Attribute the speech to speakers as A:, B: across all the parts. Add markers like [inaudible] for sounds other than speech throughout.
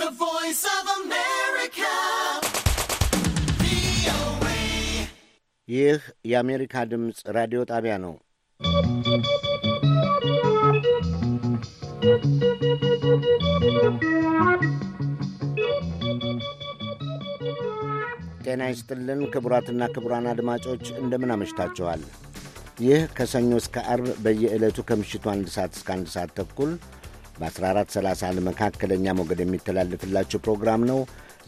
A: The Voice of America.
B: ይህ የአሜሪካ ድምፅ ራዲዮ ጣቢያ ነው። ጤና ይስጥልን ክቡራትና ክቡራን አድማጮች እንደምን አመሽታችኋል። ይህ ከሰኞ እስከ አርብ በየዕለቱ ከምሽቱ አንድ ሰዓት እስከ አንድ ሰዓት ተኩል በ1431 መካከለኛ ሞገድ የሚተላለፍላቸው ፕሮግራም ነው።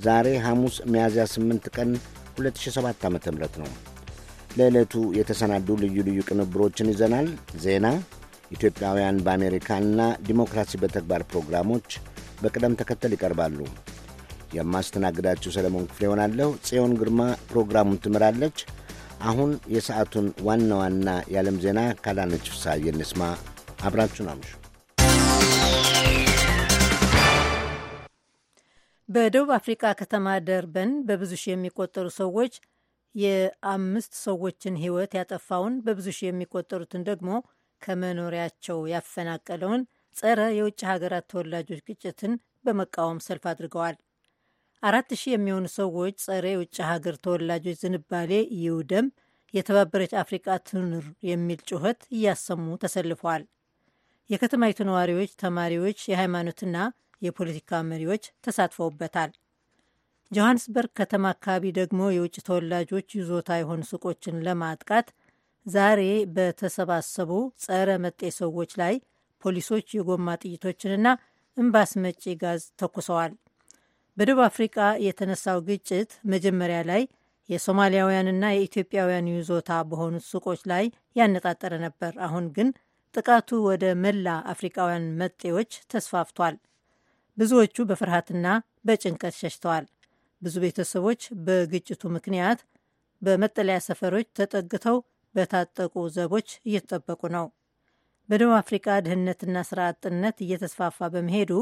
B: ዛሬ ሐሙስ ሚያዝያ 8 ቀን 2007 ዓ ም ነው። ለዕለቱ የተሰናዱ ልዩ ልዩ ቅንብሮችን ይዘናል። ዜና፣ ኢትዮጵያውያን በአሜሪካና ዲሞክራሲ በተግባር ፕሮግራሞች በቅደም ተከተል ይቀርባሉ። የማስተናግዳችሁ ሰለሞን ክፍሌ ይሆናለሁ። ጽዮን ግርማ ፕሮግራሙን ትምራለች። አሁን የሰዓቱን ዋና ዋና የዓለም ዜና ካላነች ፍስሐ አብራችሁን አምሹ።
C: በደቡብ አፍሪካ ከተማ ደርበን በብዙ ሺህ የሚቆጠሩ ሰዎች የአምስት ሰዎችን ህይወት ያጠፋውን በብዙ ሺህ የሚቆጠሩትን ደግሞ ከመኖሪያቸው ያፈናቀለውን ጸረ የውጭ ሀገራት ተወላጆች ግጭትን በመቃወም ሰልፍ አድርገዋል። አራት ሺህ የሚሆኑ ሰዎች ጸረ የውጭ ሀገር ተወላጆች ዝንባሌ ይውደም፣ የተባበረች አፍሪቃ ትኑር የሚል ጩኸት እያሰሙ ተሰልፈዋል። የከተማይቱ ነዋሪዎች፣ ተማሪዎች፣ የሃይማኖትና የፖለቲካ መሪዎች ተሳትፈውበታል። ጆሃንስበርግ ከተማ አካባቢ ደግሞ የውጭ ተወላጆች ይዞታ የሆኑ ሱቆችን ለማጥቃት ዛሬ በተሰባሰቡ ጸረ መጤ ሰዎች ላይ ፖሊሶች የጎማ ጥይቶችንና እምባስ መጪ ጋዝ ተኩሰዋል። በደቡብ አፍሪቃ የተነሳው ግጭት መጀመሪያ ላይ የሶማሊያውያንና የኢትዮጵያውያን ይዞታ በሆኑት ሱቆች ላይ ያነጣጠረ ነበር። አሁን ግን ጥቃቱ ወደ መላ አፍሪቃውያን መጤዎች ተስፋፍቷል። ብዙዎቹ በፍርሃትና በጭንቀት ሸሽተዋል። ብዙ ቤተሰቦች በግጭቱ ምክንያት በመጠለያ ሰፈሮች ተጠግተው በታጠቁ ዘቦች እየተጠበቁ ነው። በደቡብ አፍሪካ ድህነትና ስራ አጥነት እየተስፋፋ በመሄዱ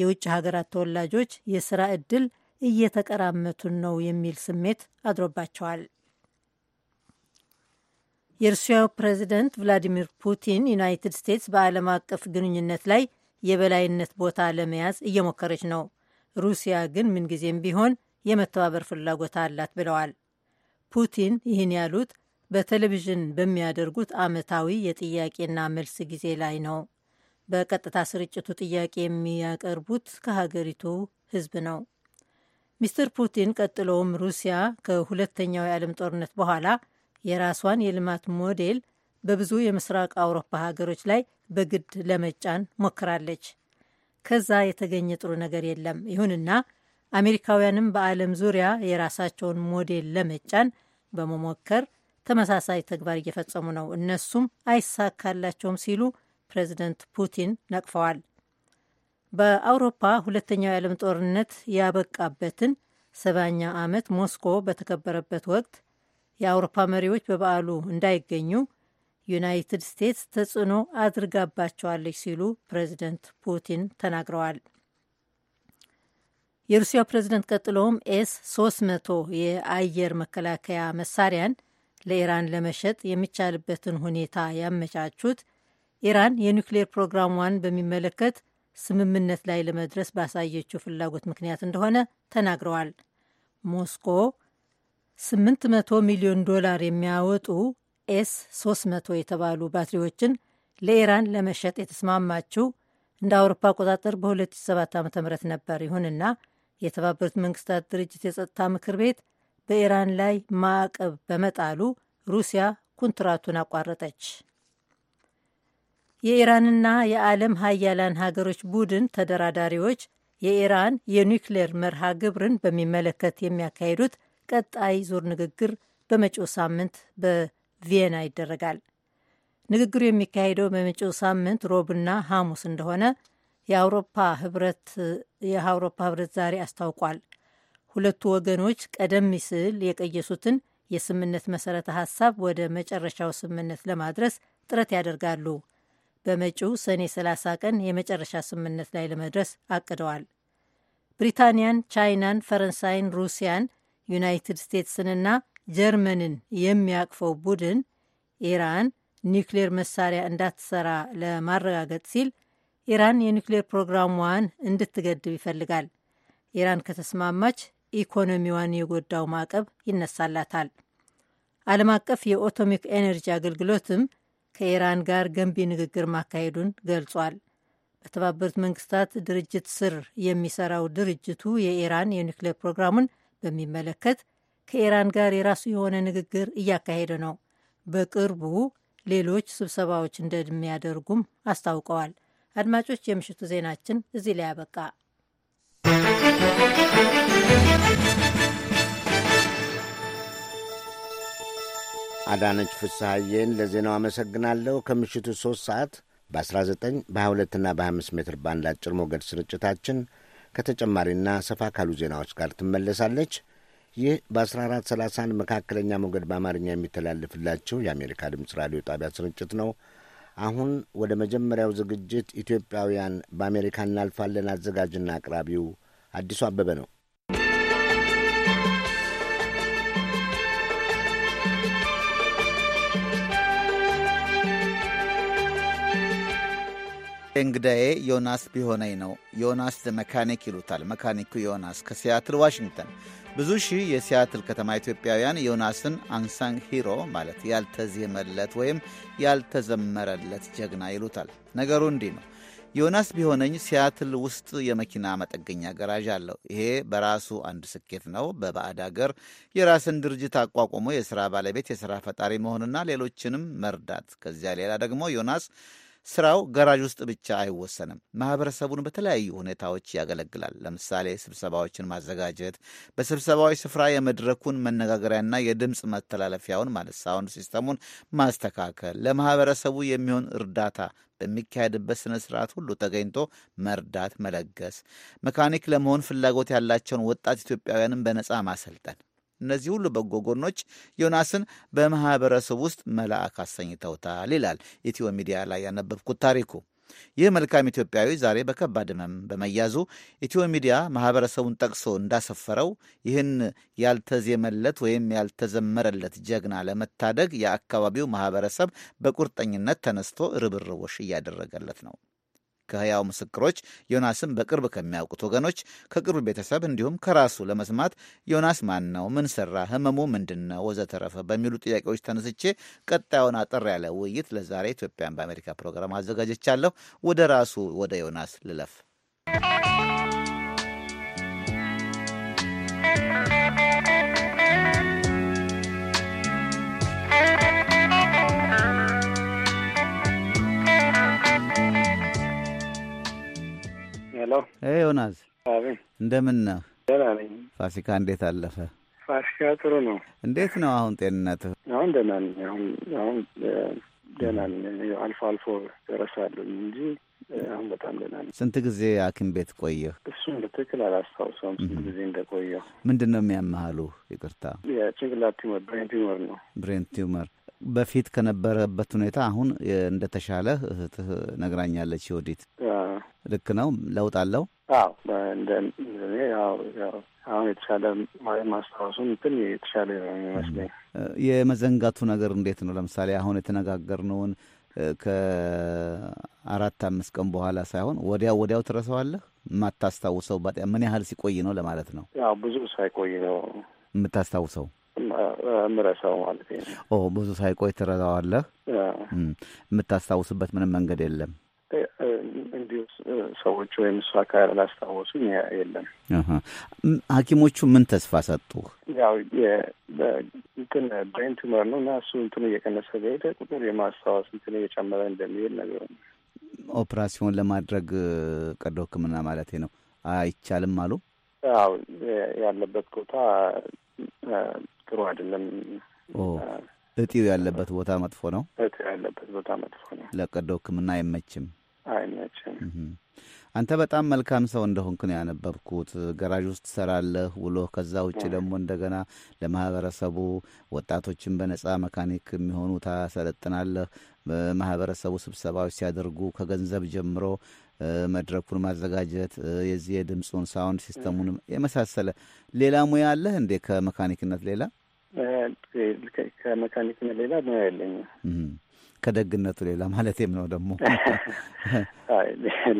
C: የውጭ ሀገራት ተወላጆች የስራ ዕድል እየተቀራመቱን ነው የሚል ስሜት አድሮባቸዋል። የሩሲያው ፕሬዚደንት ቭላዲሚር ፑቲን ዩናይትድ ስቴትስ በዓለም አቀፍ ግንኙነት ላይ የበላይነት ቦታ ለመያዝ እየሞከረች ነው። ሩሲያ ግን ምንጊዜም ቢሆን የመተባበር ፍላጎት አላት ብለዋል። ፑቲን ይህን ያሉት በቴሌቪዥን በሚያደርጉት ዓመታዊ የጥያቄና መልስ ጊዜ ላይ ነው። በቀጥታ ስርጭቱ ጥያቄ የሚያቀርቡት ከሀገሪቱ ሕዝብ ነው። ሚስተር ፑቲን ቀጥለውም ሩሲያ ከሁለተኛው የዓለም ጦርነት በኋላ የራሷን የልማት ሞዴል በብዙ የምስራቅ አውሮፓ ሀገሮች ላይ በግድ ለመጫን ሞክራለች። ከዛ የተገኘ ጥሩ ነገር የለም። ይሁንና አሜሪካውያንም በዓለም ዙሪያ የራሳቸውን ሞዴል ለመጫን በመሞከር ተመሳሳይ ተግባር እየፈጸሙ ነው። እነሱም አይሳካላቸውም ሲሉ ፕሬዚደንት ፑቲን ነቅፈዋል። በአውሮፓ ሁለተኛው የዓለም ጦርነት ያበቃበትን ሰባኛ ዓመት ሞስኮ በተከበረበት ወቅት የአውሮፓ መሪዎች በበዓሉ እንዳይገኙ ዩናይትድ ስቴትስ ተጽዕኖ አድርጋባቸዋለች ሲሉ ፕሬዚደንት ፑቲን ተናግረዋል። የሩሲያ ፕሬዚደንት ቀጥሎም ኤስ 300 የአየር መከላከያ መሳሪያን ለኢራን ለመሸጥ የሚቻልበትን ሁኔታ ያመቻቹት ኢራን የኒውክሌር ፕሮግራሟን በሚመለከት ስምምነት ላይ ለመድረስ ባሳየችው ፍላጎት ምክንያት እንደሆነ ተናግረዋል። ሞስኮ 800 ሚሊዮን ዶላር የሚያወጡ ኤስ 300 የተባሉ ባትሪዎችን ለኢራን ለመሸጥ የተስማማችው እንደ አውሮፓ አቆጣጠር በ2007 ዓ ም ነበር። ይሁንና የተባበሩት መንግስታት ድርጅት የጸጥታ ምክር ቤት በኢራን ላይ ማዕቀብ በመጣሉ ሩሲያ ኩንትራቱን አቋረጠች። የኢራንና የዓለም ሀያላን ሀገሮች ቡድን ተደራዳሪዎች የኢራን የኒውክሌር መርሃ ግብርን በሚመለከት የሚያካሂዱት ቀጣይ ዙር ንግግር በመጪው ሳምንት ቪየና ይደረጋል። ንግግሩ የሚካሄደው በመጪው ሳምንት ሮብና ሐሙስ እንደሆነ የአውሮፓ ህብረት የአውሮፓ ህብረት ዛሬ አስታውቋል። ሁለቱ ወገኖች ቀደም ሲል የቀየሱትን የስምነት መሰረተ ሀሳብ ወደ መጨረሻው ስምነት ለማድረስ ጥረት ያደርጋሉ። በመጪው ሰኔ 30 ቀን የመጨረሻ ስምነት ላይ ለመድረስ አቅደዋል። ብሪታንያን፣ ቻይናን፣ ፈረንሳይን፣ ሩሲያን፣ ዩናይትድ ስቴትስንና ጀርመንን የሚያቅፈው ቡድን ኢራን ኒውክሌር መሳሪያ እንዳትሰራ ለማረጋገጥ ሲል ኢራን የኒውክሌር ፕሮግራሟን እንድትገድብ ይፈልጋል። ኢራን ከተስማማች ኢኮኖሚዋን የጎዳው ማዕቀብ ይነሳላታል። ዓለም አቀፍ የኦቶሚክ ኤነርጂ አገልግሎትም ከኢራን ጋር ገንቢ ንግግር ማካሄዱን ገልጿል። በተባበሩት መንግስታት ድርጅት ስር የሚሰራው ድርጅቱ የኢራን የኒውክሌር ፕሮግራሙን በሚመለከት ከኢራን ጋር የራሱ የሆነ ንግግር እያካሄደ ነው። በቅርቡ ሌሎች ስብሰባዎች እንደሚያደርጉም አስታውቀዋል። አድማጮች፣ የምሽቱ ዜናችን እዚህ ላይ ያበቃ።
B: አዳነች ፍስሐዬን ለዜናው አመሰግናለሁ። ከምሽቱ ሦስት ሰዓት በ19 በ22ና በ25 ሜትር ባንድ አጭር ሞገድ ስርጭታችን ከተጨማሪና ሰፋ ካሉ ዜናዎች ጋር ትመለሳለች። ይህ በ1430 መካከለኛ ሞገድ በአማርኛ የሚተላለፍላችሁ የአሜሪካ ድምፅ ራዲዮ ጣቢያ ስርጭት ነው። አሁን ወደ መጀመሪያው ዝግጅት ኢትዮጵያውያን በአሜሪካ እናልፋለን። አዘጋጅና አቅራቢው አዲሱ አበበ ነው።
D: እንግዳዬ ዮናስ ቢሆነኝ ነው። ዮናስ ዘ መካኒክ ይሉታል። መካኒኩ ዮናስ ከሲያትል ዋሽንግተን ብዙ ሺህ የሲያትል ከተማ ኢትዮጵያውያን ዮናስን አንሳን ሂሮ ማለት ያልተዜመለት ወይም ያልተዘመረለት ጀግና ይሉታል። ነገሩ እንዲህ ነው። ዮናስ ቢሆነኝ ሲያትል ውስጥ የመኪና መጠገኛ ገራዥ አለው። ይሄ በራሱ አንድ ስኬት ነው። በባዕድ አገር የራስን ድርጅት አቋቁሞ የሥራ ባለቤት የሥራ ፈጣሪ መሆንና ሌሎችንም መርዳት። ከዚያ ሌላ ደግሞ ዮናስ ስራው ገራዥ ውስጥ ብቻ አይወሰንም። ማህበረሰቡን በተለያዩ ሁኔታዎች ያገለግላል። ለምሳሌ ስብሰባዎችን ማዘጋጀት፣ በስብሰባዎች ስፍራ የመድረኩን መነጋገሪያና የድምፅ መተላለፊያውን ማለት ሳውንድ ሲስተሙን ማስተካከል፣ ለማህበረሰቡ የሚሆን እርዳታ በሚካሄድበት ስነ ስርዓት ሁሉ ተገኝቶ መርዳት፣ መለገስ፣ መካኒክ ለመሆን ፍላጎት ያላቸውን ወጣት ኢትዮጵያውያንን በነፃ ማሰልጠን እነዚህ ሁሉ በጎ ጎኖች ዮናስን በማህበረሰብ ውስጥ መልአክ አሰኝተውታል ይላል ኢትዮ ሚዲያ ላይ ያነበብኩት ታሪኩ። ይህ መልካም ኢትዮጵያዊ ዛሬ በከባድ ሕመም በመያዙ ኢትዮ ሚዲያ ማህበረሰቡን ጠቅሶ እንዳሰፈረው ይህን ያልተዜመለት ወይም ያልተዘመረለት ጀግና ለመታደግ የአካባቢው ማህበረሰብ በቁርጠኝነት ተነስቶ ርብርቦሽ እያደረገለት ነው። ከህያው ምስክሮች ዮናስን በቅርብ ከሚያውቁት ወገኖች፣ ከቅርብ ቤተሰብ እንዲሁም ከራሱ ለመስማት ዮናስ ማን ነው? ምን ሰራ? ህመሙ ምንድን ነው? ወዘተረፈ በሚሉ ጥያቄዎች ተነስቼ ቀጣዩን አጠር ያለ ውይይት ለዛሬ ኢትዮጵያን በአሜሪካ ፕሮግራም አዘጋጀቻለሁ። ወደ ራሱ ወደ ዮናስ ልለፍ። ሄሎ ዮናስ፣ እንደምን ነህ? ደህና ነኝ። ፋሲካ እንዴት አለፈ? ፋሲካ ጥሩ ነው። እንዴት ነው አሁን ጤንነት
A: አሁን ደህና ነኝ። አሁን አሁን ደህና ነኝ። አልፎ አልፎ ደረሳሉ እንጂ አሁን በጣም ደህና ነኝ።
D: ስንት ጊዜ ሐኪም ቤት ቆየህ?
A: እሱም በትክክል አላስታውሰውም ስንት ጊዜ እንደቆየሁ።
D: ምንድን ነው የሚያመሃሉ? ይቅርታ።
A: የጭንቅላት ቲውመር ብሬን ቲውመር ነው።
D: ብሬን ቲውመር በፊት ከነበረበት ሁኔታ አሁን እንደተሻለ እህትህ ነግራኛለች። ወዲት ልክ ነው። ለውጥ አለው።
A: አዎ እንደ አሁን የተሻለ ማስታወሱ እንትን የተሻለ ይመስለኝ።
D: የመዘንጋቱ ነገር እንዴት ነው? ለምሳሌ አሁን የተነጋገርነውን ከአራት አምስት ቀን በኋላ ሳይሆን ወዲያው ወዲያው ትረሳዋለህ። የማታስታውሰው ምን ያህል ሲቆይ ነው ለማለት ነው?
A: ያው ብዙ ሳይቆይ ነው
D: የምታስታውሰው
A: ምረሳው ማለት
D: ነው። ብዙ ሳይቆይ ትረሳዋለህ። የምታስታውስበት ምንም መንገድ የለም።
A: እንዲሁ ሰዎች ወይም እሱ እሷ ካላስታወሱኝ የለም።
D: ሐኪሞቹ ምን ተስፋ ሰጡ?
A: ያው እንትን ብሬን ቱመር ነው እና እሱ እንትኑ እየቀነሰ በሄደ ቁጥር የማስታወስ እንትን እየጨመረ እንደሚሄድ ነገር
D: ኦፕራሲዮን ለማድረግ ቀዶ ሕክምና ማለት ነው አይቻልም አሉ።
A: ያው ያለበት ቦታ ጥሩ አይደለም።
D: እጢው ያለበት ቦታ መጥፎ ነው።
A: እጢው ያለበት ቦታ መጥፎ ነው።
D: ለቀዶ ሕክምና አይመችም፣ አይመችም። አንተ በጣም መልካም ሰው እንደሆንክ ነው ያነበብኩት። ገራዥ ውስጥ ትሰራለህ ውሎ፣ ከዛ ውጭ ደግሞ እንደገና ለማህበረሰቡ ወጣቶችን በነጻ መካኒክ የሚሆኑ ታሰለጥናለህ። ማህበረሰቡ ስብሰባዎች ሲያደርጉ ከገንዘብ ጀምሮ መድረኩን ማዘጋጀት የዚህ የድምፁን ሳውንድ ሲስተሙን የመሳሰለ ሌላ ሙያ አለህ እንዴ ከመካኒክነት ሌላ?
A: ከመካኒክም ሌላ ሙያ የለኝም።
D: ከደግነቱ ሌላ ማለቴም ነው ደግሞ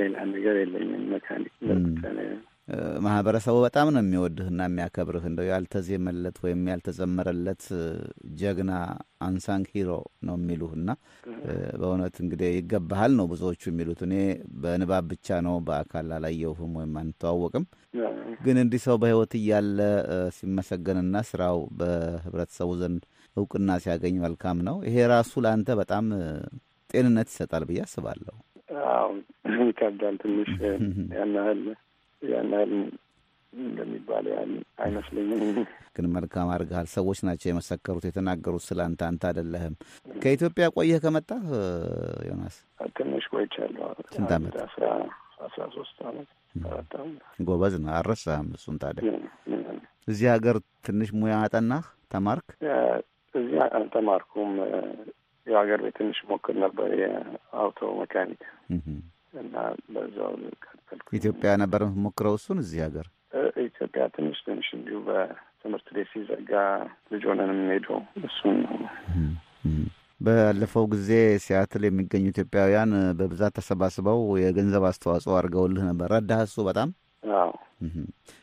A: ሌላ ነገር የለኝም። መካኒክ
D: ማህበረሰቡ በጣም ነው የሚወድህና የሚያከብርህ። እንደው ያልተዜመለት ወይም ያልተዘመረለት ጀግና አንሳንግ ሂሮ ነው የሚሉህ እና በእውነት እንግዲህ ይገባሃል ነው ብዙዎቹ የሚሉት። እኔ በንባብ ብቻ ነው በአካል አላየሁህም ወይም አንተዋወቅም። ግን እንዲህ ሰው በህይወት እያለ ሲመሰገንና ስራው በህብረተሰቡ ዘንድ እውቅና ሲያገኝ መልካም ነው። ይሄ ራሱ ለአንተ በጣም ጤንነት ይሰጣል ብዬ አስባለሁ።
A: ይከብዳል ትንሽ ያን [laughs] ያን ያህል እንደሚባለው ያህል አይመስለኝም።
D: ግን መልካም አድርገሃል። ሰዎች ናቸው የመሰከሩት የተናገሩት ስለ አንተ፣ አንተ አይደለህም። ከኢትዮጵያ ቆየህ ከመጣ ዮናስ? ትንሽ ቆይቻለሁ። ስንት ዓመት? አስራ ሶስት ዓመት ጎበዝ ነው፣ አልረሳህም እሱን። ታዲያ እዚህ ሀገር ትንሽ ሙያ አጠናህ ተማርክ?
A: እዚህ አልተማርኩም። የሀገር ቤት ትንሽ ሞክር ነበር የአውቶ መካኒክ እና በዛው ቀጠልኩ።
D: ኢትዮጵያ ነበር ሞክረው እሱን እዚህ ሀገር
A: ኢትዮጵያ ትንሽ ትንሽ እንዲሁ በትምህርት ቤት ሲዘጋ ልጅ ሆነን የምንሄደው እሱን ነው።
D: ባለፈው ጊዜ ሲያትል የሚገኙ ኢትዮጵያውያን በብዛት ተሰባስበው የገንዘብ አስተዋጽኦ አድርገውልህ ነበር። ረዳህ እሱ በጣም አዎ።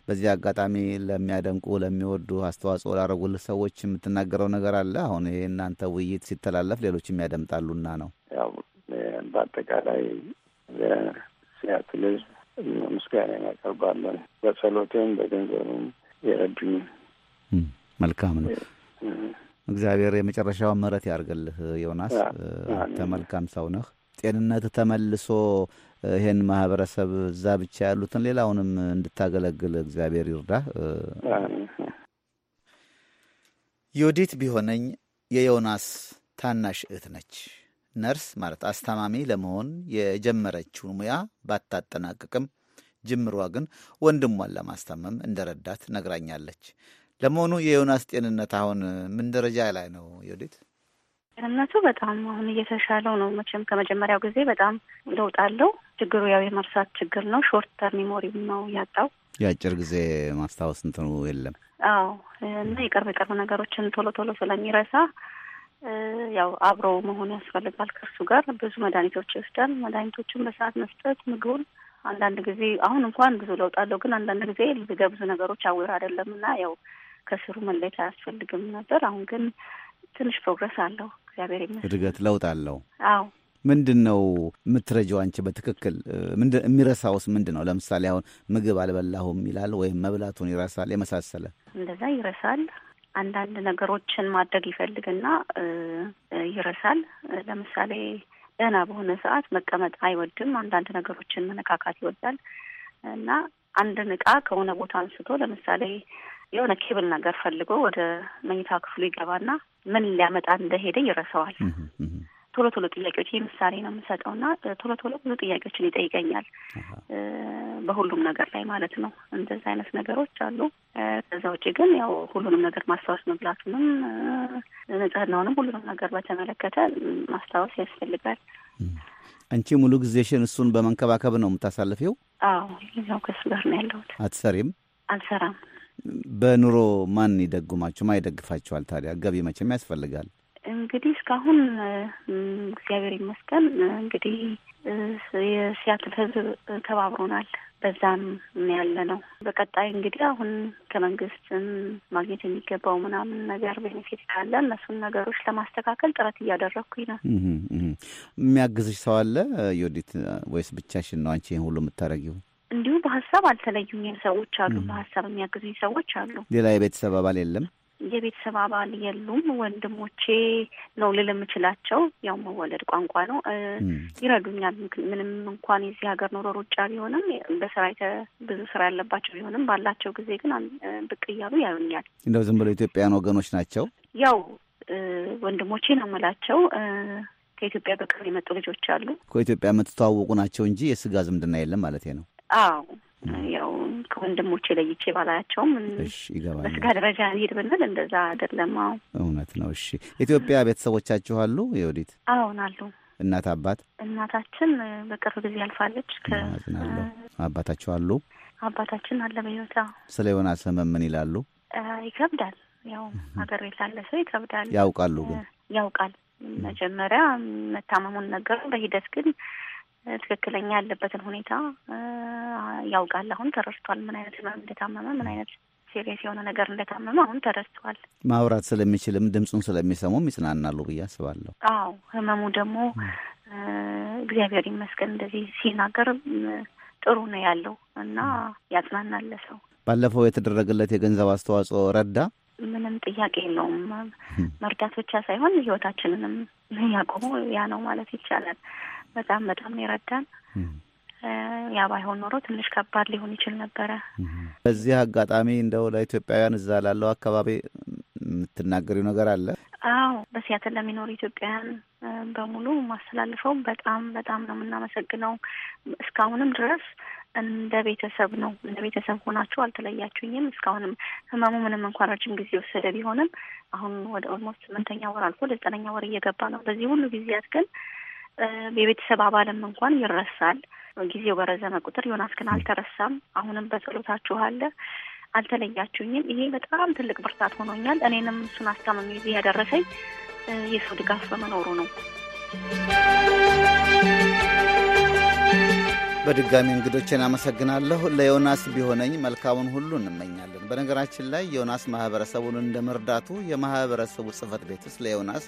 D: በዚህ አጋጣሚ ለሚያደንቁ ለሚወዱ አስተዋጽኦ ላደረጉልህ ሰዎች የምትናገረው ነገር አለ? አሁን ይህ እናንተ ውይይት ሲተላለፍ ሌሎችም ያደምጣሉና ነው።
A: ያው በአጠቃላይ ለሲያትል ሕዝብ ምስጋና ያቀርባለን። በጸሎቴም በገንዘብም የረዱኝ።
D: መልካም ነው። እግዚአብሔር የመጨረሻውን ምሕረት ያርግልህ ዮናስ። አንተ መልካም ሰው ነህ። ጤንነት ተመልሶ ይሄን ማህበረሰብ እዛ ብቻ ያሉትን ሌላውንም እንድታገለግል እግዚአብሔር ይርዳህ። ዮዲት ቢሆነኝ የዮናስ ታናሽ እህት ነች። ነርስ ማለት አስታማሚ ለመሆን የጀመረችውን ሙያ ባታጠናቅቅም ጅምሯ ግን ወንድሟን ለማስታመም እንደረዳት ነግራኛለች። ለመሆኑ የዮናስ ጤንነት አሁን ምን ደረጃ ላይ ነው ዮዲት?
E: ጤንነቱ በጣም አሁን እየተሻለው ነው። መቼም ከመጀመሪያው ጊዜ በጣም ለውጥ አለው። ችግሩ ያው የመርሳት ችግር ነው። ሾርት ተርም ነው ያጣው።
D: የአጭር ጊዜ ማስታወስ እንትኑ የለም።
E: አዎ እና የቅርብ የቅርብ ነገሮችን ቶሎ ቶሎ ስለሚረሳ ያው አብሮ መሆን ያስፈልጋል ከእሱ ጋር ብዙ መድኃኒቶች ይወስዳል። መድኃኒቶቹን በሰዓት መስጠት፣ ምግቡን አንዳንድ ጊዜ አሁን እንኳን ብዙ ለውጥ አለው፣ ግን አንዳንድ ጊዜ ብዙ ነገሮች አዊር አይደለም እና ያው ከስሩ መለየት አያስፈልግም ነበር። አሁን ግን ትንሽ ፕሮግረስ አለው። እግዚአብሔር ይመስገን እድገት ለውጥ አለው። አዎ
D: ምንድን ነው የምትረጀው አንቺ በትክክል የሚረሳውስ ምንድን ነው? ለምሳሌ አሁን ምግብ አልበላሁም ይላል ወይም መብላቱን ይረሳል የመሳሰለ
E: እንደዛ ይረሳል። አንዳንድ ነገሮችን ማድረግ ይፈልግና ይረሳል። ለምሳሌ ደህና በሆነ ሰዓት መቀመጥ አይወድም። አንዳንድ ነገሮችን መነካካት ይወዳል እና አንድን እቃ ከሆነ ቦታ አንስቶ ለምሳሌ የሆነ ኬብል ነገር ፈልጎ ወደ መኝታ ክፍሉ ይገባና ምን ሊያመጣ እንደሄደ ይረሳዋል። ቶሎ ቶሎ ጥያቄዎች ይህ ምሳሌ ነው የምሰጠው እና ቶሎ ቶሎ ብዙ ጥያቄዎችን ይጠይቀኛል በሁሉም ነገር ላይ ማለት ነው። እንደዚህ አይነት ነገሮች አሉ። ከዛ ውጭ ግን ያው ሁሉንም ነገር ማስታወስ መብላቱንም፣ ንጽህናውንም ሁሉንም ነገር በተመለከተ ማስታወስ ያስፈልጋል።
D: አንቺ ሙሉ ጊዜሽን እሱን በመንከባከብ ነው የምታሳልፊው?
E: አዎ፣ ያው ከሱ ጋር ነው ያለሁት። አትሰሪም? አልሰራም።
D: በኑሮ ማን ይደጉማችሁ? ማን ይደግፋችኋል ታዲያ? ገቢ መቼም ያስፈልጋል።
E: እንግዲህ እስካሁን እግዚአብሔር ይመስገን እንግዲህ የሲያትል ህዝብ ተባብሮናል። በዛም ያለ ነው። በቀጣይ እንግዲህ አሁን ከመንግስትም ማግኘት የሚገባው ምናምን ነገር ቤኔፊት ካለ እነሱን ነገሮች ለማስተካከል ጥረት እያደረግኩኝ ነው።
D: የሚያግዝሽ ሰው አለ ዮዲት ወይስ ብቻሽን ነው አንቺ ይህን ሁሉ የምታደርጊው?
E: እንዲሁም በሀሳብ አልተለዩኝም። ሰዎች አሉ፣ በሀሳብ የሚያግዙኝ ሰዎች አሉ።
D: ሌላ የቤተሰብ አባል የለም?
E: የቤተሰብ አባል የሉም። ወንድሞቼ ነው ልል የምችላቸው ያው መወለድ ቋንቋ ነው። ይረዱኛል። ምንም እንኳን የዚህ ሀገር ኖሮ ሩጫ ቢሆንም በስራ ብዙ ስራ ያለባቸው ቢሆንም ባላቸው ጊዜ ግን ብቅ እያሉ ያዩኛል።
D: እንደው ዝም ብለው ኢትዮጵያውያን ወገኖች ናቸው።
E: ያው ወንድሞቼ ነው የምላቸው። ከኢትዮጵያ በቅርብ የመጡ ልጆች አሉ።
D: ከኢትዮጵያ የምትተዋወቁ ናቸው እንጂ የስጋ ዝምድና የለም ማለት ነው?
E: አዎ ያው ከወንድሞቼ ለይቼ ባላያቸውም በስጋ ደረጃ ሄድ ብንል እንደዛ አይደለም። አዎ
D: እውነት ነው። እሺ ኢትዮጵያ ቤተሰቦቻችሁ አሉ? የወዲት አሁን አሉ። እናት አባት?
E: እናታችን በቅርብ ጊዜ ያልፋለች።
D: አባታችሁ አሉ?
E: አባታችን አለ በሕይወት።
D: ስለ ዮናስ ህመም ምን ይላሉ?
E: ይከብዳል። ያው ሀገር ቤት ላለ ሰው ይከብዳል።
C: ያውቃሉ ግን
E: ያውቃል። መጀመሪያ መታመሙን ነገሩ፣ በሂደት ግን ትክክለኛ ያለበትን ሁኔታ ያውቃል። አሁን ተረድቷል፣ ምን አይነት ህመም እንደታመመ ምን አይነት ሲሪየስ የሆነ ነገር እንደታመመ አሁን ተረድቷል።
D: ማውራት ስለሚችልም ድምፁን ስለሚሰሙም ይጽናናሉ ብዬ አስባለሁ።
E: አዎ ህመሙ ደግሞ እግዚአብሔር ይመስገን እንደዚህ ሲናገር ጥሩ ነው ያለው እና ያጽናናል ሰው።
D: ባለፈው የተደረገለት የገንዘብ አስተዋጽኦ ረዳ።
E: ምንም ጥያቄ የለውም። መርዳት ብቻ ሳይሆን ህይወታችንንም ያቆመው ያ ነው ማለት ይቻላል። በጣም በጣም ይረዳን? ያ ባይሆን ኖሮ ትንሽ ከባድ ሊሆን ይችል ነበረ።
D: በዚህ አጋጣሚ እንደው ለኢትዮጵያውያን እዛ ላለው አካባቢ የምትናገሪው ነገር አለ?
E: አዎ በሲያትል ለሚኖሩ ኢትዮጵያውያን በሙሉ ማስተላልፈው በጣም በጣም ነው የምናመሰግነው። እስካሁንም ድረስ እንደ ቤተሰብ ነው እንደ ቤተሰብ ሆናችሁ አልተለያችሁኝም። እስካሁንም ህመሙ ምንም እንኳን ረጅም ጊዜ ወሰደ ቢሆንም አሁን ወደ ኦልሞስት ስምንተኛ ወር አልፎ ዘጠነኛ ወር እየገባ ነው። በዚህ ሁሉ ጊዜያት ግን የቤተሰብ አባልም እንኳን ይረሳል። ጊዜው በረዘመ ቁጥር ዮናስ ግን አልተረሳም። አሁንም በጸሎታችሁ አለ አልተለያችሁኝም። ይሄ በጣም ትልቅ ብርታት ሆኖኛል። እኔንም እሱን አስታመሚ ያደረሰኝ የሰው ድጋፍ በመኖሩ ነው።
D: በድጋሚ እንግዶችን አመሰግናለሁ። ለዮናስ ቢሆነኝ መልካሙን ሁሉ እንመኛለን። በነገራችን ላይ ዮናስ ማህበረሰቡን እንደ መርዳቱ የማህበረሰቡ ጽህፈት ቤትስ ለዮናስ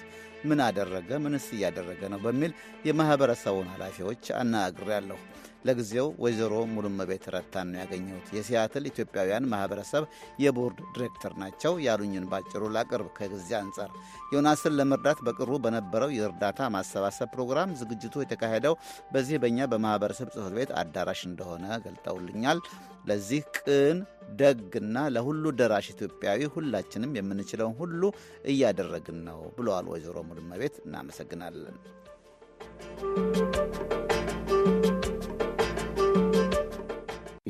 D: ምን አደረገ፣ ምንስ እያደረገ ነው በሚል የማህበረሰቡን ኃላፊዎች አነጋግሬያለሁ። ለጊዜው ወይዘሮ ሙሉመቤት ረታን ነው ያገኘሁት። የሲያትል ኢትዮጵያውያን ማህበረሰብ የቦርድ ዲሬክተር ናቸው። ያሉኝን ባጭሩ ላቅርብ። ከጊዜ አንጻር ዮናስን ለመርዳት በቅርቡ በነበረው የእርዳታ ማሰባሰብ ፕሮግራም ዝግጅቱ የተካሄደው በዚህ በእኛ በማህበረሰብ ጽህፈት ቤት አዳራሽ እንደሆነ ገልጠውልኛል። ለዚህ ቅን ደግና ለሁሉ ደራሽ ኢትዮጵያዊ ሁላችንም የምንችለውን ሁሉ እያደረግን ነው ብለዋል ወይዘሮ ሙሉመቤት። እናመሰግናለን።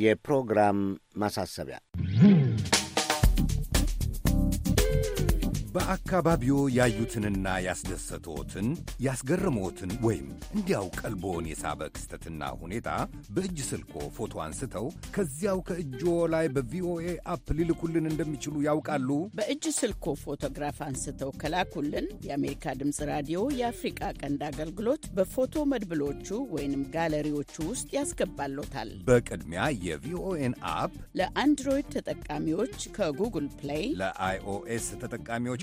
F: የፕሮግራም ማሳሰቢያ በአካባቢዎ ያዩትንና ያስደሰቶትን ያስገረሞትን ወይም እንዲያው ቀልቦን የሳበ ክስተትና ሁኔታ በእጅ ስልኮ ፎቶ አንስተው ከዚያው ከእጆ ላይ በቪኦኤ አፕ ሊልኩልን እንደሚችሉ ያውቃሉ?
G: በእጅ ስልኮ ፎቶግራፍ አንስተው ከላኩልን የአሜሪካ ድምፅ ራዲዮ የአፍሪቃ ቀንድ አገልግሎት በፎቶ መድብሎቹ ወይንም ጋለሪዎቹ ውስጥ ያስገባሎታል። በቅድሚያ የቪኦኤን አፕ ለአንድሮይድ ተጠቃሚዎች ከጉግል ፕሌይ፣ ለአይኦኤስ ተጠቃሚዎች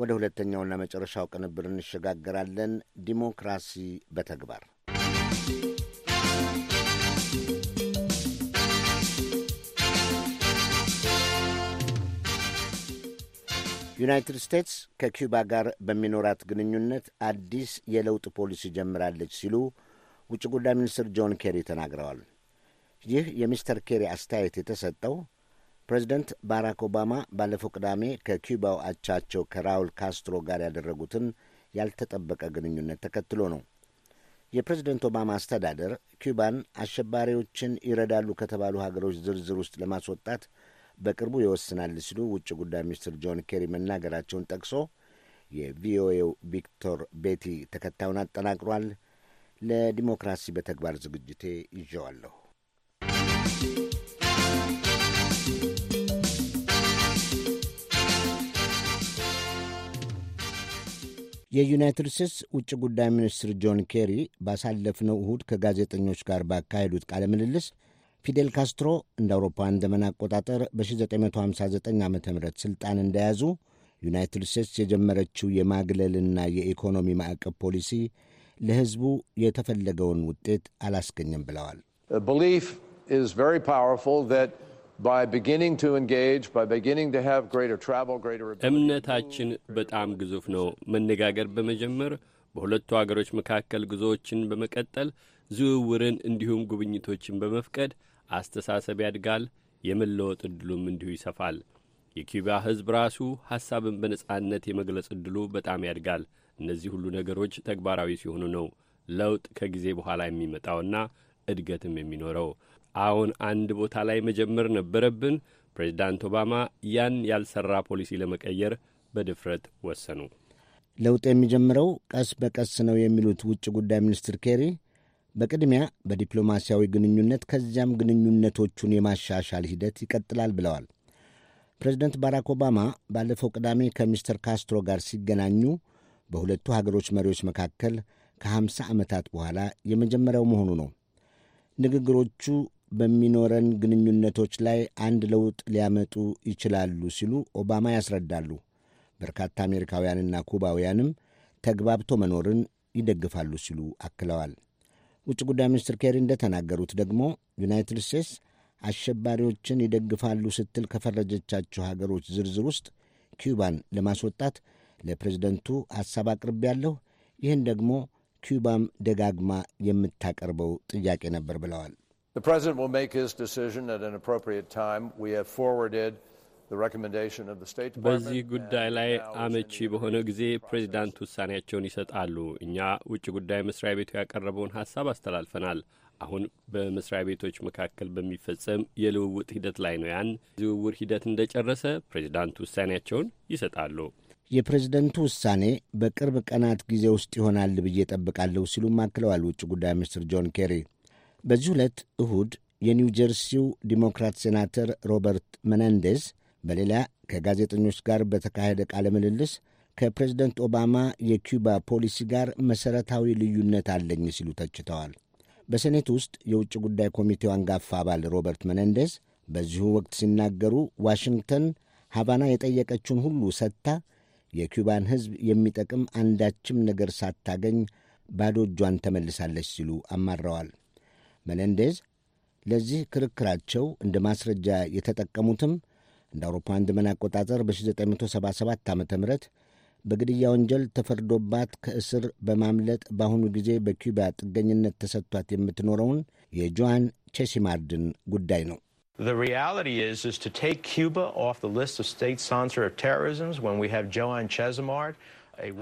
B: ወደ ሁለተኛውና መጨረሻው ቅንብር እንሸጋገራለን። ዲሞክራሲ በተግባር ዩናይትድ ስቴትስ ከኪውባ ጋር በሚኖራት ግንኙነት አዲስ የለውጥ ፖሊሲ ጀምራለች ሲሉ ውጭ ጉዳይ ሚኒስትር ጆን ኬሪ ተናግረዋል። ይህ የሚስተር ኬሪ አስተያየት የተሰጠው ፕሬዚደንት ባራክ ኦባማ ባለፈው ቅዳሜ ከኪውባው አቻቸው ከራውል ካስትሮ ጋር ያደረጉትን ያልተጠበቀ ግንኙነት ተከትሎ ነው። የፕሬዚደንት ኦባማ አስተዳደር ኪውባን አሸባሪዎችን ይረዳሉ ከተባሉ ሀገሮች ዝርዝር ውስጥ ለማስወጣት በቅርቡ ይወስናል ሲሉ ውጭ ጉዳይ ሚኒስትር ጆን ኬሪ መናገራቸውን ጠቅሶ የቪኦኤው ቪክቶር ቤቲ ተከታዩን አጠናቅሯል። ለዲሞክራሲ በተግባር ዝግጅቴ ይዤዋለሁ። የዩናይትድ ስቴትስ ውጭ ጉዳይ ሚኒስትር ጆን ኬሪ ባሳለፍነው እሁድ ከጋዜጠኞች ጋር ባካሄዱት ቃለ ምልልስ ፊዴል ካስትሮ እንደ አውሮፓውያን ዘመን አቆጣጠር በ1959 ዓ ም ሥልጣን እንደያዙ ዩናይትድ ስቴትስ የጀመረችው የማግለልና የኢኮኖሚ ማዕቀብ ፖሊሲ ለሕዝቡ የተፈለገውን ውጤት አላስገኘም ብለዋል።
H: እምነታችን በጣም ግዙፍ ነው። መነጋገር በመጀመር በሁለቱ አገሮች መካከል ጉዞዎችን በመቀጠል ዝውውርን፣ እንዲሁም ጉብኝቶችን በመፍቀድ አስተሳሰብ ያድጋል። የመለወጥ ዕድሉም እንዲሁ ይሰፋል። የኪዩባ ሕዝብ ራሱ ሐሳብን በነጻነት የመግለጽ ዕድሉ በጣም ያድጋል። እነዚህ ሁሉ ነገሮች ተግባራዊ ሲሆኑ ነው ለውጥ ከጊዜ በኋላ የሚመጣውና እድገትም የሚኖረው። አሁን አንድ ቦታ ላይ መጀመር ነበረብን። ፕሬዚዳንት ኦባማ ያን ያልሰራ ፖሊሲ ለመቀየር በድፍረት ወሰኑ።
B: ለውጥ የሚጀምረው ቀስ በቀስ ነው የሚሉት ውጭ ጉዳይ ሚኒስትር ኬሪ በቅድሚያ በዲፕሎማሲያዊ ግንኙነት ከዚያም ግንኙነቶቹን የማሻሻል ሂደት ይቀጥላል ብለዋል። ፕሬዚደንት ባራክ ኦባማ ባለፈው ቅዳሜ ከሚስተር ካስትሮ ጋር ሲገናኙ በሁለቱ ሀገሮች መሪዎች መካከል ከ50 ዓመታት በኋላ የመጀመሪያው መሆኑ ነው። ንግግሮቹ በሚኖረን ግንኙነቶች ላይ አንድ ለውጥ ሊያመጡ ይችላሉ ሲሉ ኦባማ ያስረዳሉ። በርካታ አሜሪካውያንና ኩባውያንም ተግባብቶ መኖርን ይደግፋሉ ሲሉ አክለዋል። ውጭ ጉዳይ ሚኒስትር ኬሪ እንደተናገሩት ደግሞ ዩናይትድ ስቴትስ አሸባሪዎችን ይደግፋሉ ስትል ከፈረጀቻቸው ሀገሮች ዝርዝር ውስጥ ኪዩባን ለማስወጣት ለፕሬዝደንቱ ሐሳብ አቅርቤያለሁ። ይህን ደግሞ ኪዩባም ደጋግማ የምታቀርበው ጥያቄ ነበር ብለዋል።
G: The President will make his decision at an appropriate time. We have forwarded the recommendation of the State Department.
H: ፕሬዚዳንት አሁን በመስሪያ ቤቶች መካከል በሚፈጸም የልውውጥ ሂደት ላይ ነው። ያን ዝውውር ሂደት እንደ ጨረሰ ፕሬዚዳንቱ ውሳኔያቸውን ይሰጣሉ።
B: የፕሬዝደንቱ ውሳኔ በቅርብ ቀናት ጊዜ ውስጥ ይሆናል ብዬ ጠብቃለሁ ሲሉም አክለዋል ውጭ ጉዳይ ሚኒስትር ጆን ኬሪ በዚህ ዕለት እሁድ የኒው ጀርሲው ዲሞክራት ሴናተር ሮበርት መናንዴዝ በሌላ ከጋዜጠኞች ጋር በተካሄደ ቃለ ምልልስ ከፕሬዝደንት ኦባማ የኪዩባ ፖሊሲ ጋር መሠረታዊ ልዩነት አለኝ ሲሉ ተችተዋል። በሴኔት ውስጥ የውጭ ጉዳይ ኮሚቴው አንጋፋ አባል ሮበርት መነንዴዝ በዚሁ ወቅት ሲናገሩ ዋሽንግተን ሀቫና የጠየቀችውን ሁሉ ሰጥታ የኪዩባን ሕዝብ የሚጠቅም አንዳችም ነገር ሳታገኝ ባዶ እጇን ተመልሳለች ሲሉ አማረዋል። መለንዴዝ ለዚህ ክርክራቸው እንደ ማስረጃ የተጠቀሙትም እንደ አውሮፓውያን ዘመን አቆጣጠር በ1977 ዓ ም በግድያ ወንጀል ተፈርዶባት ከእስር በማምለጥ በአሁኑ ጊዜ በኪዩባ ጥገኝነት ተሰጥቷት የምትኖረውን የጆዋን ቼሲማርድን ጉዳይ ነው።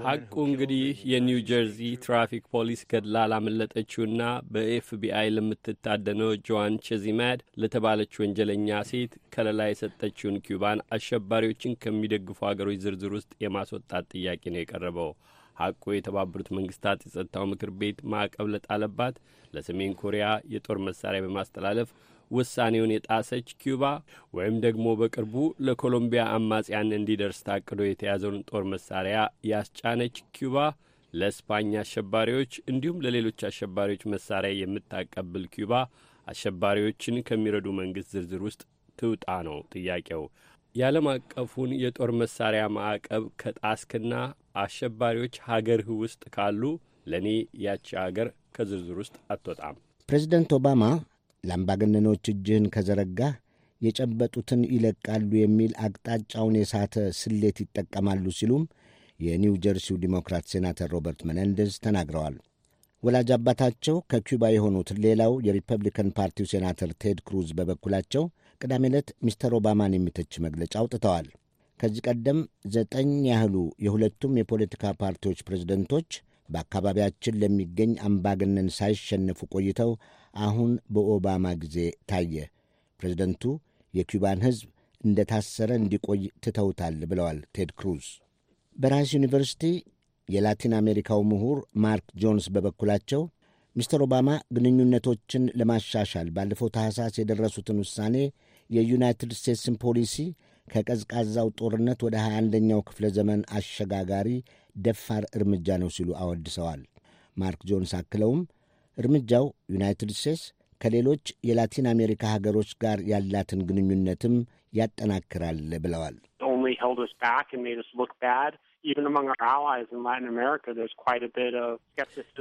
H: ሐቁ እንግዲህ የኒው ጀርዚ ትራፊክ ፖሊስ ገድላ ላመለጠችውና በኤፍቢአይ ለምትታደነው ጆዋን ቼዚማድ ለተባለች ወንጀለኛ ሴት ከለላ የሰጠችውን ኪዩባን አሸባሪዎችን ከሚደግፉ አገሮች ዝርዝር ውስጥ የማስወጣት ጥያቄ ነው የቀረበው። ሐቁ የተባበሩት መንግስታት የጸጥታው ምክር ቤት ማዕቀብ ለጣለባት ለሰሜን ኮሪያ የጦር መሳሪያ በማስተላለፍ ውሳኔውን የጣሰች ኪዩባ ወይም ደግሞ በቅርቡ ለኮሎምቢያ አማጽያን እንዲደርስ ታቅዶ የተያዘውን ጦር መሳሪያ ያስጫነች ኪዩባ ለስፓኝ አሸባሪዎች እንዲሁም ለሌሎች አሸባሪዎች መሳሪያ የምታቀብል ኪዩባ አሸባሪዎችን ከሚረዱ መንግስት ዝርዝር ውስጥ ትውጣ ነው ጥያቄው። የዓለም አቀፉን የጦር መሳሪያ ማዕቀብ ከጣስክና አሸባሪዎች ሀገርህ ውስጥ ካሉ ለእኔ ያቺ አገር ከዝርዝር ውስጥ አትወጣም።
B: ፕሬዚደንት ኦባማ ለአምባገነኖች እጅህን ከዘረጋህ የጨበጡትን ይለቃሉ የሚል አቅጣጫውን የሳተ ስሌት ይጠቀማሉ ሲሉም የኒው ጀርሲው ዲሞክራት ሴናተር ሮበርት መነንደዝ ተናግረዋል። ወላጅ አባታቸው ከኪዩባ የሆኑት ሌላው የሪፐብሊካን ፓርቲው ሴናተር ቴድ ክሩዝ በበኩላቸው ቅዳሜ ዕለት ሚስተር ኦባማን የሚተች መግለጫ አውጥተዋል። ከዚህ ቀደም ዘጠኝ ያህሉ የሁለቱም የፖለቲካ ፓርቲዎች ፕሬዝደንቶች በአካባቢያችን ለሚገኝ አምባገነን ሳይሸነፉ ቆይተው አሁን በኦባማ ጊዜ ታየ። ፕሬዚደንቱ የኪውባን ሕዝብ እንደ ታሰረ እንዲቆይ ትተውታል ብለዋል ቴድ ክሩዝ። በራስ ዩኒቨርሲቲ የላቲን አሜሪካው ምሁር ማርክ ጆንስ በበኩላቸው ሚስተር ኦባማ ግንኙነቶችን ለማሻሻል ባለፈው ታህሳስ የደረሱትን ውሳኔ የዩናይትድ ስቴትስን ፖሊሲ ከቀዝቃዛው ጦርነት ወደ 21ኛው ክፍለ ዘመን አሸጋጋሪ ደፋር እርምጃ ነው ሲሉ አወድሰዋል። ማርክ ጆንስ አክለውም እርምጃው ዩናይትድ ስቴትስ ከሌሎች የላቲን አሜሪካ ሀገሮች ጋር ያላትን ግንኙነትም ያጠናክራል ብለዋል።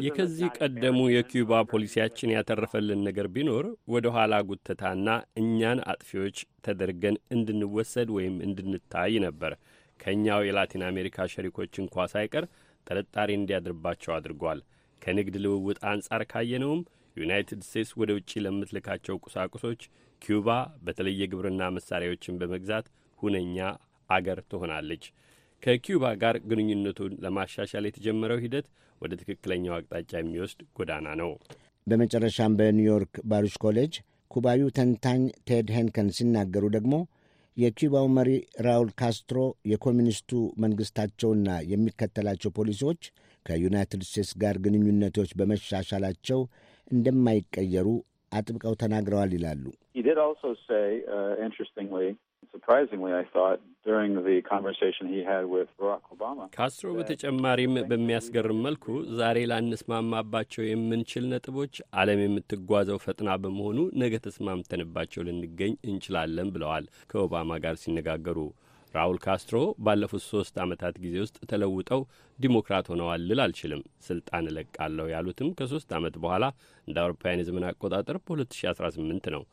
A: የከዚህ
H: ቀደሙ የኪዩባ ፖሊሲያችን ያተረፈልን ነገር ቢኖር ወደ ኋላ ጉተታና እኛን አጥፊዎች ተደርገን እንድንወሰድ ወይም እንድንታይ ነበር። ከእኛው የላቲን አሜሪካ ሸሪኮች እንኳ ሳይቀር ጥርጣሬ እንዲያድርባቸው አድርጓል። ከንግድ ልውውጥ አንጻር ካየነውም ዩናይትድ ስቴትስ ወደ ውጭ ለምትልካቸው ቁሳቁሶች ኪዩባ በተለየ የግብርና መሳሪያዎችን በመግዛት ሁነኛ አገር ትሆናለች። ከኪዩባ ጋር ግንኙነቱን ለማሻሻል የተጀመረው ሂደት ወደ ትክክለኛው አቅጣጫ የሚወስድ ጎዳና ነው።
B: በመጨረሻም በኒውዮርክ ባሪሽ ኮሌጅ ኩባዊው ተንታኝ ቴድ ሄንከን ሲናገሩ ደግሞ የኪባው መሪ ራውል ካስትሮ የኮሚኒስቱ መንግሥታቸውና የሚከተላቸው ፖሊሲዎች ከዩናይትድ ስቴትስ ጋር ግንኙነቶች በመሻሻላቸው እንደማይቀየሩ አጥብቀው ተናግረዋል ይላሉ።
H: ካስትሮ በተጨማሪም በሚያስገርም መልኩ ዛሬ ላንስማማባቸው የምንችል ነጥቦች ዓለም የምትጓዘው ፈጥና በመሆኑ ነገ ተስማምተንባቸው ልንገኝ እንችላለን ብለዋል ከኦባማ ጋር ሲነጋገሩ። ራውል ካስትሮ ባለፉት ሶስት ዓመታት ጊዜ ውስጥ ተለውጠው ዲሞክራት ሆነዋል ልል አልችልም፣ ስልጣን እለቃለሁ ያሉትም ከሶስት ዓመት በኋላ እንደ አውሮፓውያን የዘመን አቆጣጠር በ2018 ነው።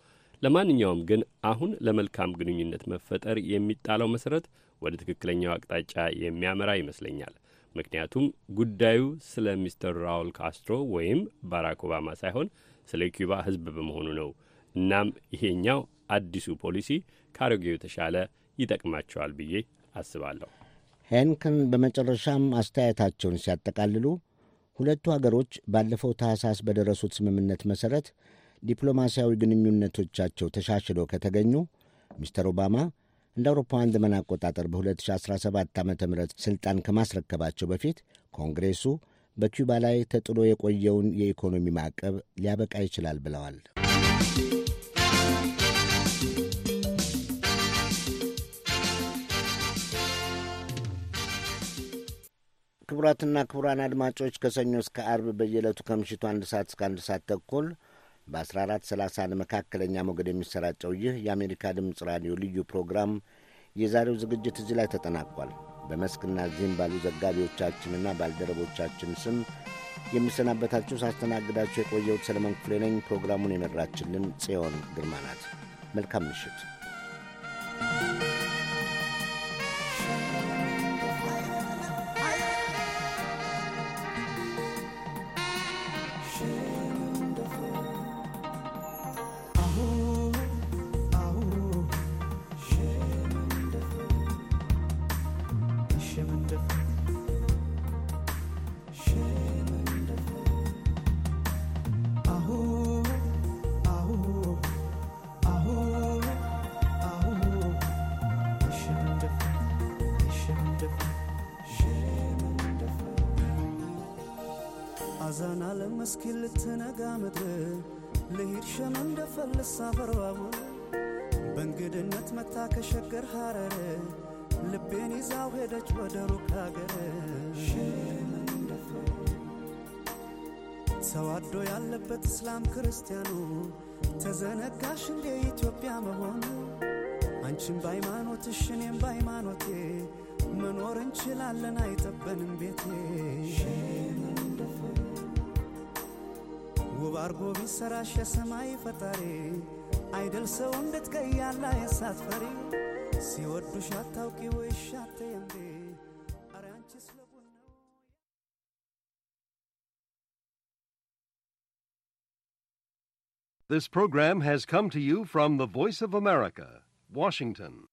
H: ለማንኛውም ግን አሁን ለመልካም ግንኙነት መፈጠር የሚጣለው መሰረት ወደ ትክክለኛው አቅጣጫ የሚያመራ ይመስለኛል። ምክንያቱም ጉዳዩ ስለ ሚስተር ራውል ካስትሮ ወይም ባራክ ኦባማ ሳይሆን ስለ ኪባ ሕዝብ በመሆኑ ነው። እናም ይሄኛው አዲሱ ፖሊሲ ከአሮጌው የተሻለ ይጠቅማቸዋል ብዬ አስባለሁ።
B: ሄንክን በመጨረሻም አስተያየታቸውን ሲያጠቃልሉ ሁለቱ አገሮች ባለፈው ታህሳስ በደረሱት ስምምነት መሠረት ዲፕሎማሲያዊ ግንኙነቶቻቸው ተሻሽለው ከተገኙ ሚስተር ኦባማ እንደ አውሮፓውያን ዘመን አቆጣጠር በ2017 ዓ ም ሥልጣን ከማስረከባቸው በፊት ኮንግሬሱ በኪውባ ላይ ተጥሎ የቆየውን የኢኮኖሚ ማዕቀብ ሊያበቃ ይችላል ብለዋል። ክቡራትና ክቡራን አድማጮች ከሰኞ እስከ አርብ በየዕለቱ ከምሽቱ አንድ ሰዓት እስከ አንድ ሰዓት ተኩል በ1430 መካከለኛ ሞገድ የሚሰራጨው ይህ የአሜሪካ ድምፅ ራዲዮ ልዩ ፕሮግራም የዛሬው ዝግጅት እዚህ ላይ ተጠናቋል። በመስክና እዚህም ባሉ ዘጋቢዎቻችንና ባልደረቦቻችን ስም የምሰናበታችሁ ሳስተናግዳችሁ የቆየሁት ሰለሞን ክፍሌ ነኝ። ፕሮግራሙን የመራችልን ጽዮን ግርማ ናት። መልካም ምሽት። አልቀረም እስኪ ልትነጋ ምድር ልሂድ ሸመም ደፈልሳ በርባቡር
C: በእንግድነት መታ ከሸገር ሐረር ልቤን ይዛው ሄደች ወደ ሩቅ ሰው አዶ ያለበት እስላም ክርስቲያኑ ተዘነጋሽ እንዴ
A: ኢትዮጵያ መሆኑ አንቺም በሃይማኖትሽ እኔም በሃይማኖቴ
B: መኖር እንችላለን አይጠበንም ቤቴ ውብ አርጎ ቢሰራሽ የሰማይ ፈጣሪ አይደል ሰው እንዴት ቀያላ የሳት ፈሪ ሲወዱሽ አታውቂ ወይሽ አትየምዴ
F: አረ አንቺስ This program has come to you from the Voice of America, Washington.